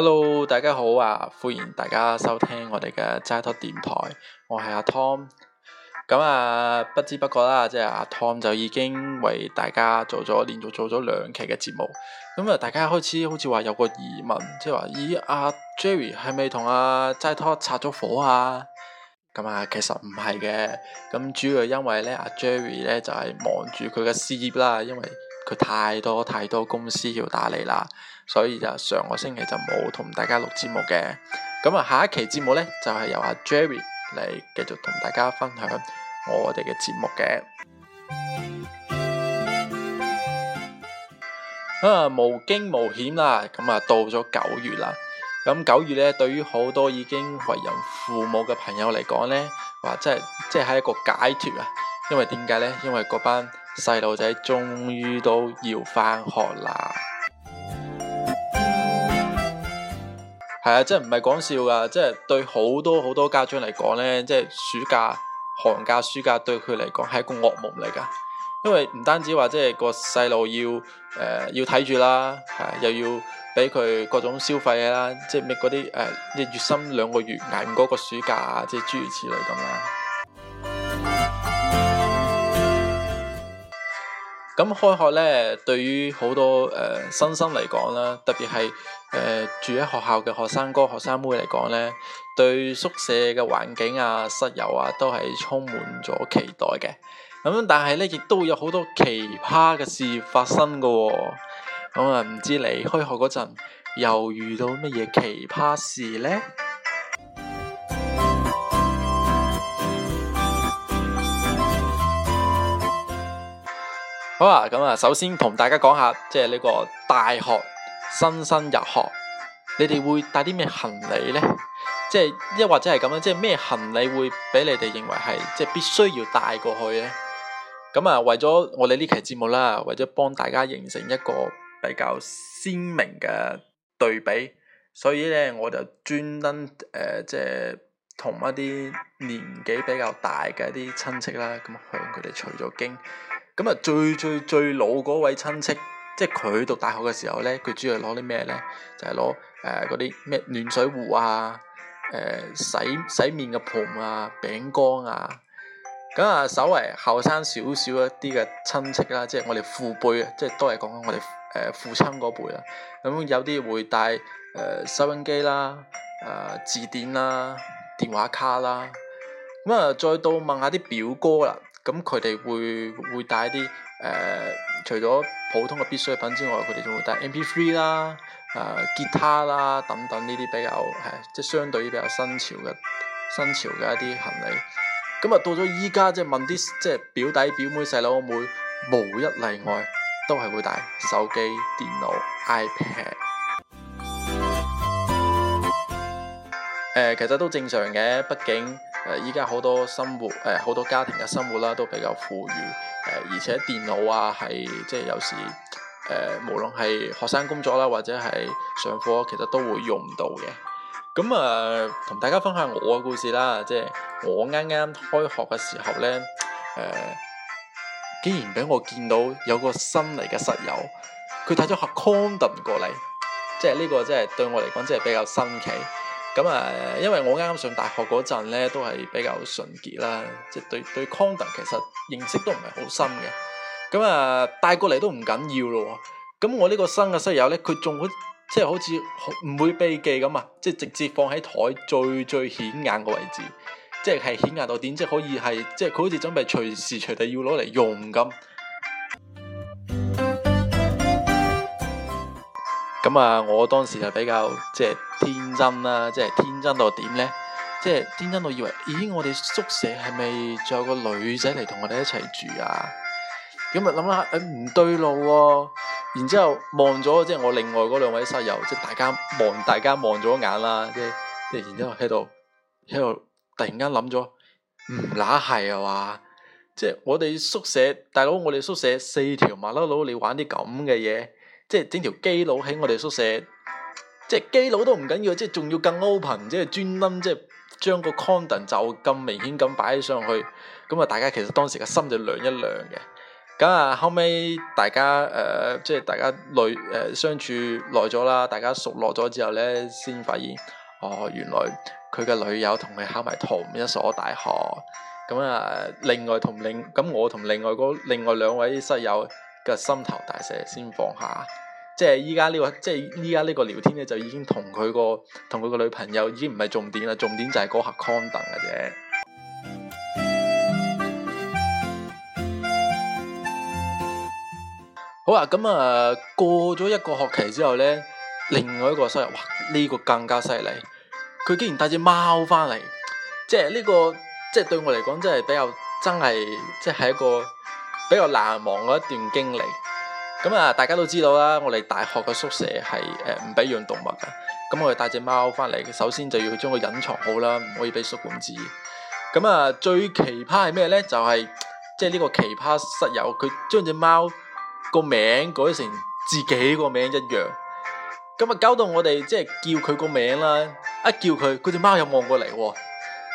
Hello，大家好啊，歡迎大家收聽我哋嘅齋拖電台，我係阿 Tom。咁啊，不知不覺啦，即係阿 Tom 就已經為大家做咗連續做咗兩期嘅節目。咁啊，大家開始好似話有個疑問，即係話咦，阿 Jerry 係咪同阿齋拖拆咗火啊？咁啊，其實唔係嘅。咁主要係因為咧，阿、啊、Jerry 咧就係忙住佢嘅事業啦，因為。佢太多太多公司要打理啦，所以就上個星期就冇同大家錄節目嘅。咁啊，下一期節目呢，就係由阿 Jerry 嚟繼續同大家分享我哋嘅節目嘅。啊，無驚無險啦，咁啊到咗九月啦。咁九月呢，對於好多已經為人父母嘅朋友嚟講呢，話即係即係一個解脫啊。因為點解呢？因為嗰班。細路仔終於都要翻學啦，係 啊，即係唔係講笑噶，即、就、係、是、對好多好多家長嚟講呢，即、就、係、是、暑假、寒假、暑假對佢嚟講係一個噩夢嚟噶，因為唔單止話即係個細路要誒、呃、要睇住啦，又要俾佢各種消費啊，即係咩嗰啲誒、即、呃、一月薪兩個月挨嗰個暑假啊，即、就、係、是、諸如此類咁啦。 咁開學咧，對於好多誒、呃、新生嚟講啦，特別係誒、呃、住喺學校嘅學生哥、學生妹嚟講咧，對宿舍嘅環境啊、室友啊，都係充滿咗期待嘅。咁但係咧，亦都有好多奇葩嘅事發生嘅喎、哦。咁啊，唔知你開學嗰陣又遇到乜嘢奇葩事咧？好啊，咁啊，首先同大家講下，即係呢個大學新生入學，你哋會帶啲咩行李呢？即係，一或者係咁啦，即係咩行李會俾你哋認為係即係必須要帶過去呢？咁啊，為咗我哋呢期節目啦，為咗幫大家形成一個比較鮮明嘅對比，所以咧我就專登誒，即係同一啲年紀比較大嘅一啲親戚啦，咁向佢哋取咗經。咁啊，最最最老嗰位親戚，即係佢讀大學嘅時候咧，佢主要攞啲咩咧？就係攞誒嗰啲咩暖水壺啊、誒、呃、洗洗面嘅盆啊、餅乾啊。咁啊，稍微後生少少一啲嘅親戚啦，即係我哋父輩啊，即係都係講緊我哋誒父親嗰輩啦。咁有啲會帶誒、呃、收音機啦、誒字典啦、電話卡啦。咁啊，再到問下啲表哥啦。咁佢哋會會帶啲誒，除咗普通嘅必需品之外，佢哋仲會帶 MP3 啦、誒、呃、吉他啦等等呢啲比較係即係相對於比較新潮嘅新潮嘅一啲行李。咁啊到咗依家即係問啲即係表弟表妹細佬妹妹，無一例外都係會帶手機、電腦、iPad。誒、 呃，其實都正常嘅，畢竟。誒依家好多生活，誒、呃、好多家庭嘅生活啦，都比較富裕，誒、呃、而且電腦啊，係即係有時誒、呃，無論係學生工作啦，或者係上課，其實都會用到嘅。咁啊，同、呃、大家分享我嘅故事啦，即係我啱啱開學嘅時候咧，誒、呃、竟然俾我見到有個新嚟嘅室友，佢帶咗盒 condom 過嚟，即係呢個即係對我嚟講，即係比較新奇。咁啊，因為我啱啱上大學嗰陣咧，都係比較純潔啦，即係對對 condom 其實認識都唔係好深嘅。咁啊，帶過嚟都唔緊要咯。咁我呢個新嘅室友咧，佢仲會，即係好似唔會避忌咁啊，即係直接放喺台最最顯眼嘅位置，即係係顯眼到點，即係可以係即係佢好似準備隨時隨地要攞嚟用咁。咁啊！我當時就比較即係、就是、天真啦、啊，即、就、係、是、天真到點咧？即、就、係、是、天真到以為，咦？我哋宿舍係咪仲有個女仔嚟同我哋一齊住啊？咁、欸、啊，諗下誒唔對路喎！然之後望咗，即係我另外嗰兩位室友，即、就、係、是、大家望，大家望咗眼啦，即係即然之後喺度喺度突然間諗咗，唔乸係啊！哇！即、就、係、是、我哋宿舍大佬，我哋宿舍四條麻甩佬，你玩啲咁嘅嘢？即係整條基佬喺我哋宿舍，即係基佬都唔緊要，即係仲要更 open，即係專登即係將個 condom 就咁明顯咁擺上去，咁啊大家其實當時嘅心就涼一涼嘅。咁啊後尾大家誒、呃，即係大家耐誒、呃、相處耐咗啦，大家熟絡咗之後咧，先發現哦原來佢嘅女友同佢考埋同一所大學，咁啊另外同另咁我同另外嗰另外兩位室友。個心頭大石先放下，即係依家呢個，即係依家呢個聊天咧，就已經同佢個同佢個女朋友已經唔係重點啦，重點就係嗰盒 condom 嘅啫。嗯、好啊，咁啊過咗一個學期之後咧，另外一個室友，哇！呢、這個更加犀利，佢竟然帶隻貓翻嚟，即係呢、這個，即係對我嚟講，即係比較真係，即係一個。比較難忘嗰一段經歷，咁啊大家都知道啦，我哋大學嘅宿舍係誒唔俾養動物嘅，咁我哋帶隻貓翻嚟，首先就要去將佢隱藏好啦，唔可以俾宿管知。咁啊最奇葩係咩咧？就係即係呢個奇葩室友，佢將隻貓個名改成自己個名一樣。咁啊搞到我哋即係叫佢個名啦，一叫佢，佢隻貓又望過嚟喎。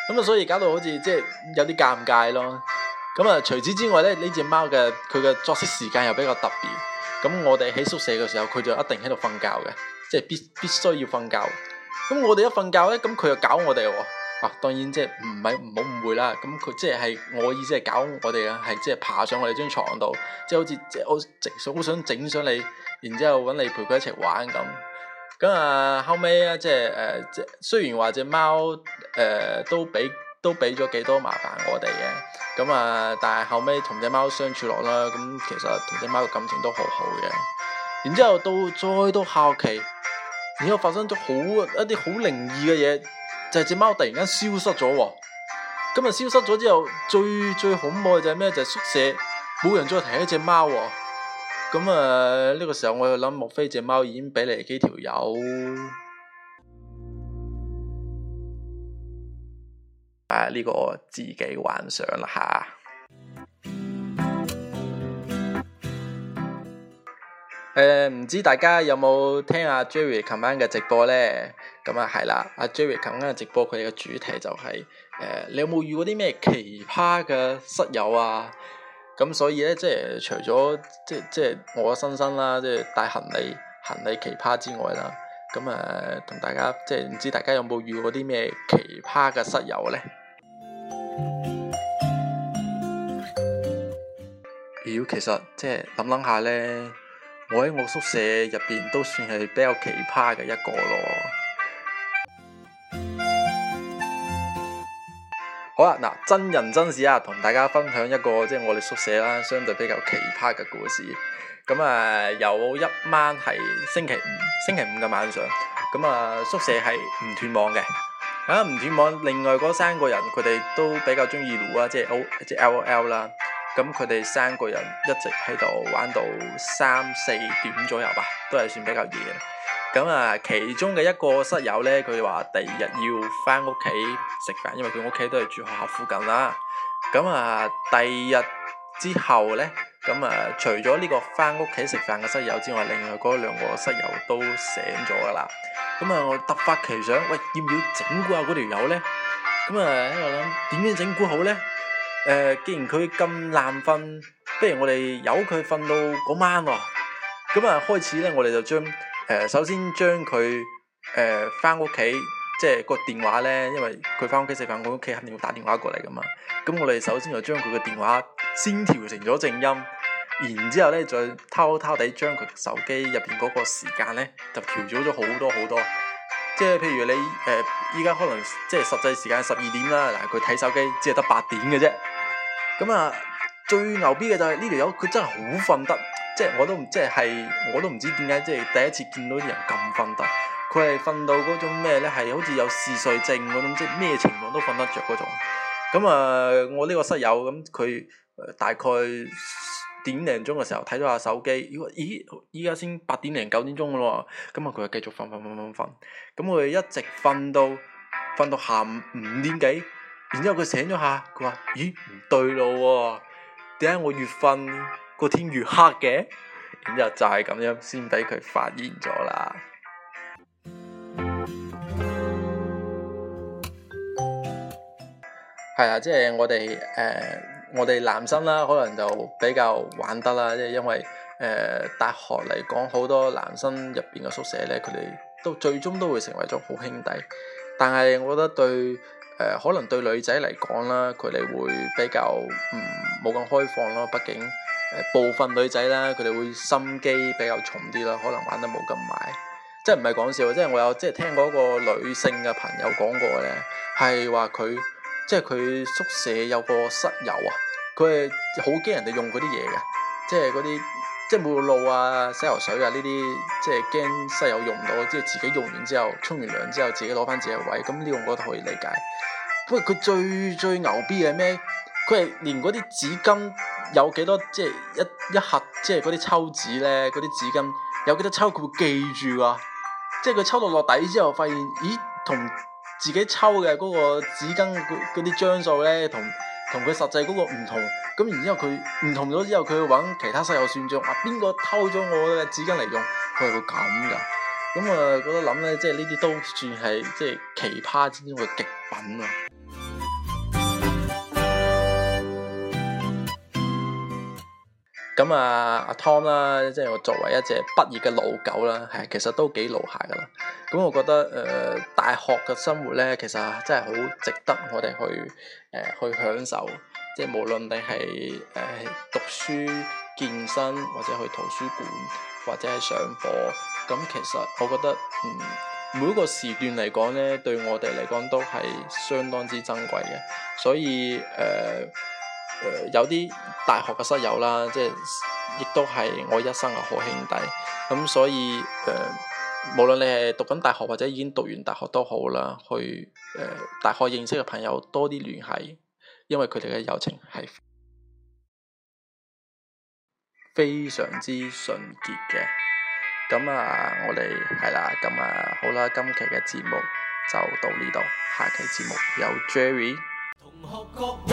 咁啊所以搞到好似即係有啲尷尬咯。咁啊，除此之外咧，呢隻貓嘅佢嘅作息時間又比較特別。咁我哋喺宿舍嘅時候，佢就一定喺度瞓覺嘅，即係必必須要瞓覺。咁我哋一瞓覺咧，咁佢又搞我哋喎、哦。啊，當然即係唔係唔好誤會啦。咁佢即係係我意思係搞我哋啊，係即係爬上我哋張床度，即係好似即係好直好想整上你，然之後搵你陪佢一齊玩咁。咁啊，後尾啊，即係誒、呃，即係雖然話隻貓誒、呃、都畀。都俾咗幾多麻煩我哋嘅，咁啊，但係後尾同隻貓相處落啦，咁其實同隻貓嘅感情都好好嘅。然之後到再到下期，然之後發生咗好一啲好靈異嘅嘢，就係、是、隻貓突然間消失咗喎。咁啊，消失咗之後，最最恐怖嘅就係咩？就係、是、宿舍冇人再提呢隻貓喎。咁啊，呢、呃，這個時候我又諗，莫非隻貓已經俾嚟幾條友？呢個自己幻想啦吓。誒、嗯，唔知大家有冇聽阿 Jerry 琴晚嘅直播咧？咁啊係啦，阿 Jerry 琴晚嘅直播，佢哋嘅主題就係、是、誒、呃，你有冇遇過啲咩奇葩嘅室友啊？咁所以咧，即係除咗即即係我新生啦，即係帶行李行李奇葩之外啦，咁啊同大家即係唔知大家有冇遇過啲咩奇葩嘅室友咧？妖，其實即係諗諗下呢。我喺我宿舍入邊都算係比較奇葩嘅一個咯。好啦，嗱，真人真事啊，同大家分享一個即係我哋宿舍啦，相對比較奇葩嘅故事。咁啊，有一晚係星期五，星期五嘅晚上，咁啊宿舍係唔斷網嘅。啊，唔斷網，另外嗰三個人佢哋都比較鍾意擼啊，即係好即係 L O L 啦。咁佢哋三個人一直喺度玩到三四點左右吧，都係算比較夜。咁啊，其中嘅一個室友呢，佢話第二日要翻屋企食飯，因為佢屋企都係住學校附近啦。咁啊，第二日之後呢，咁啊，除咗呢個翻屋企食飯嘅室友之外，另外嗰兩個室友都醒咗噶啦。咁啊，我突發奇想，「喂，要唔要整蠱下嗰條友呢？」咁啊，我諗點樣整蠱好呢？呃、既然佢咁爛瞓，不如我哋由佢瞓到嗰晚喎。咁啊，開始呢，我哋就將、呃、首先將佢返翻屋企，即係個電話呢，因為佢翻屋企食飯，我屋企肯定會打電話過嚟噶嘛。咁我哋首先就將佢嘅電話先調成咗靜音，然之後呢，再偷偷地將佢手機入面嗰個時間呢，就調咗咗好多好多。即係譬如你誒依家可能即係實際時間十二點啦，嗱佢睇手機只係得八點嘅啫。咁啊，最牛逼嘅就係呢條友，佢、這個、真係好瞓得，即係我都即係我都唔知點解，即係第一次見到啲人咁瞓得，佢係瞓到嗰種咩咧？係好似有嗜睡症嗰種，即係咩情況都瞓得着嗰種。咁啊，我呢個室友咁，佢大概點零鐘嘅時候睇咗下手機，咦？而家先八點零九點鐘嘅喎，咁啊佢就繼續瞓瞓瞓瞓瞓，咁我哋一直瞓到瞓到下午五點幾。然之後佢醒咗下，佢話：咦，唔對路喎、啊，點解我越瞓個天越黑嘅？然之後就係咁樣先俾佢發現咗啦。係啊，即、就、係、是、我哋誒、呃，我哋男生啦，可能就比較玩得啦，即係因為誒、呃、大學嚟講，好多男生入邊嘅宿舍咧，佢哋都最終都會成為咗好兄弟。但係我覺得對。誒、呃、可能對女仔嚟講啦，佢哋會比較唔冇咁開放咯。畢竟、呃、部分女仔啦，佢哋會心機比較重啲啦，可能玩得冇咁埋。即係唔係講笑？即係我有即係聽過一個女性嘅朋友講過咧，係話佢即係佢宿舍有個室友啊，佢係好驚人哋用嗰啲嘢嘅，即係嗰啲。即係沐浴露啊，洗頭水啊呢啲，即係驚室友用唔到，即係自己用完之後，沖完涼之後，自己攞翻自己嘅位置，咁呢個我都可以理解。不過佢最最牛逼係咩？佢係連嗰啲紙巾有幾多，即係一一盒，即係嗰啲抽紙咧，嗰啲紙巾有幾多抽，佢會記住啊。即係佢抽到落底之後，發現咦，同自己抽嘅嗰個紙巾嗰啲張數咧，同同佢實際嗰個唔同。咁然之後佢唔同咗之後，佢去揾其他室友算賬，啊邊個偷咗我嘅紙巾嚟用？佢係會咁噶。咁啊，覺得諗咧，即係呢啲都算係即係奇葩之中嘅極品、嗯、啊。咁啊，阿 Tom 啦，即係我作為一隻畢業嘅老狗啦，係其實都幾老下噶啦。咁我覺得誒、呃，大學嘅生活咧，其實真係好值得我哋去誒、呃、去享受。即係無論你係誒、呃、讀書、健身或者去圖書館，或者係上課，咁其實我覺得，嗯、每一個時段嚟講咧，對我哋嚟講都係相當之珍貴嘅。所以誒誒、呃呃，有啲大學嘅室友啦，即係亦都係我一生嘅好兄弟。咁所以誒、呃，無論你係讀緊大學或者已經讀完大學都好啦，去誒、呃、大學認識嘅朋友多啲聯繫。因為佢哋嘅友情係非常之純潔嘅，咁啊，我哋係啦，咁啊，好啦，今期嘅節目就到呢度，下期節目有 Jerry。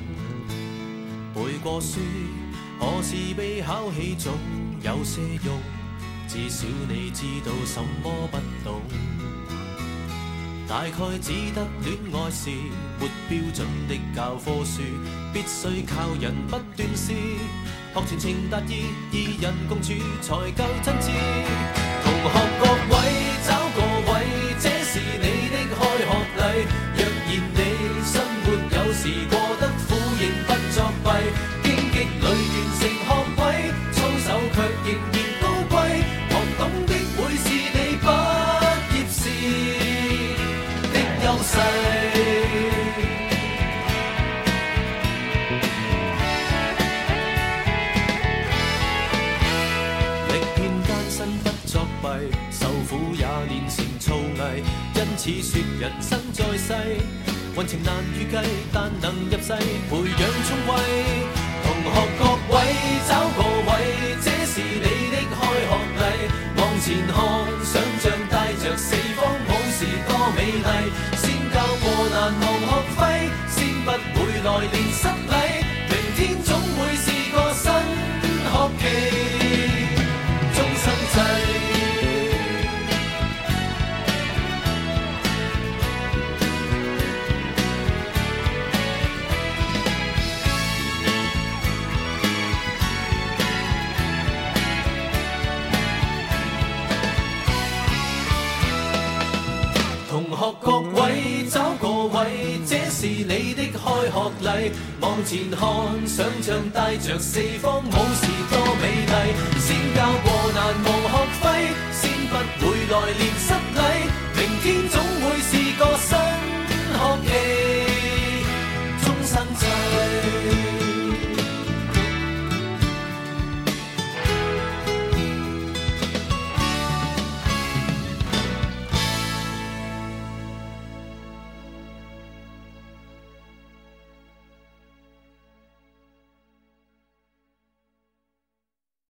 背過書，何時被考起總有些用，至少你知道什麼不懂。大概只得戀愛是沒標準的教科書，必須靠人不斷試，學全情達意，二人共處才夠真摯。同學。受苦也練成粗藝，因此說人生在世，運程難預計，但能入世培養聰慧。同學各位找個位，這是你的開學禮。往前看，想像帶着四方武士多美麗。先交過難忘學費，先不會來年失禮。明天總會是個新學期。往前看，想象帶着四方，武士多美麗。先教過難忘學費，先不會來年失。